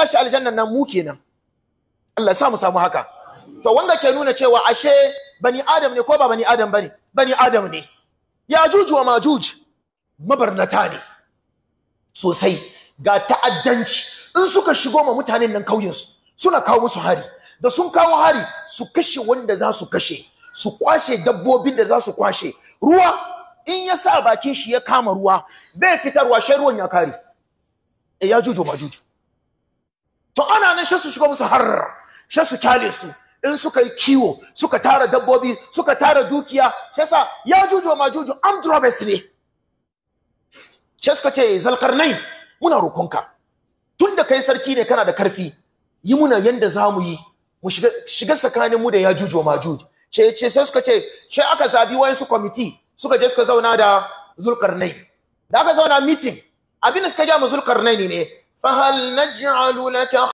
za shi aljannan nan mu kenan Allah sa mu samu haka to wanda ke nuna cewa ashe bani adam ne ko ba bani adam bane bani adam ne ya juju wa majuj mabarnata ne sosai ga ta'addanci in suka shigo ma mutanen nan kauyen su suna kawo musu hari da sun kawo hari su kashe wanda za su kashe su kwashe dabbobin da za su kwashe ruwa in ya sa bakin shi ya kama ruwa bai fitarwa shi ruwan ya kare eh, ya juju ma to ana nan shi su shigo musu har shi su kyale su in suka yi kiwo suka tara dabbobi suka tara dukiya shi yasa ya jujo ma jujo amdrobes ne shi suka ce zalkarnai muna rokonka tun da kai sarki ne kana da karfi yi muna yanda za mu yi mu shiga tsakaninmu da ya jujo ma jujo shi ya ce sai suka ce shi aka zabi wayansu kwamiti suka je suka zauna da zulkarnai da aka zauna meeting abin da suka ja mu zulkarnai ne fahal naj'alu laka